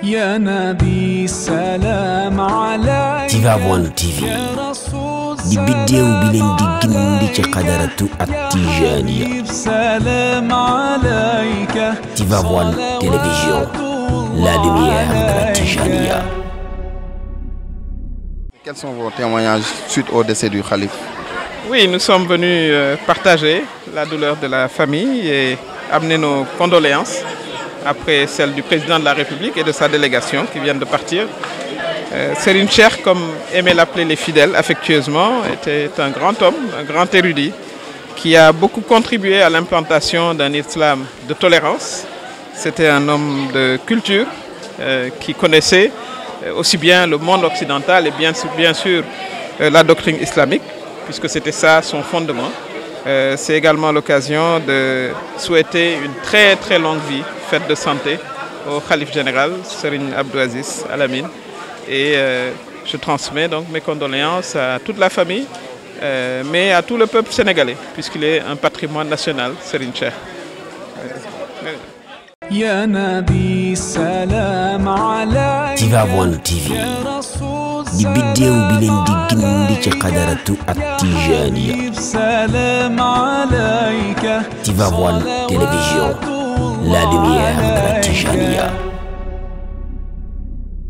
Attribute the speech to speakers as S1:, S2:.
S1: Tivaouane
S2: TV di vidéo, bi leen di gindi ci xadaratu ak Tijaaniya Tivaouane télévision
S3: la lumière de la
S4: Quels sont vos témoignages suite au décès du Khalif Oui, nous sommes venus euh, partager la douleur de la famille et amener nos condoléances après celle du président de la République et de sa délégation qui viennent de partir. Euh, Cher, comme aimait l'appeler les fidèles affectueusement, était un grand homme, un grand érudit, qui a beaucoup contribué à l'implantation d'un islam de tolérance. C'était un homme de culture euh, qui connaissait euh, aussi bien le monde occidental et bien, bien sûr euh, la doctrine islamique, puisque c'était ça son fondement. Euh, c'est également l'occasion de souhaiter une très très longue vie, fête de santé, au Khalif général, Serine Abdouaziz Alamine. Et euh, je transmets donc mes condoléances à toute la famille, euh, mais à tout le peuple sénégalais, puisqu'il est un patrimoine national, Serine Cher.
S2: di biddéew bi di gindi ci xadaratu ak tijaaniya Tivaouane télévision la lumière de la Tijaaniya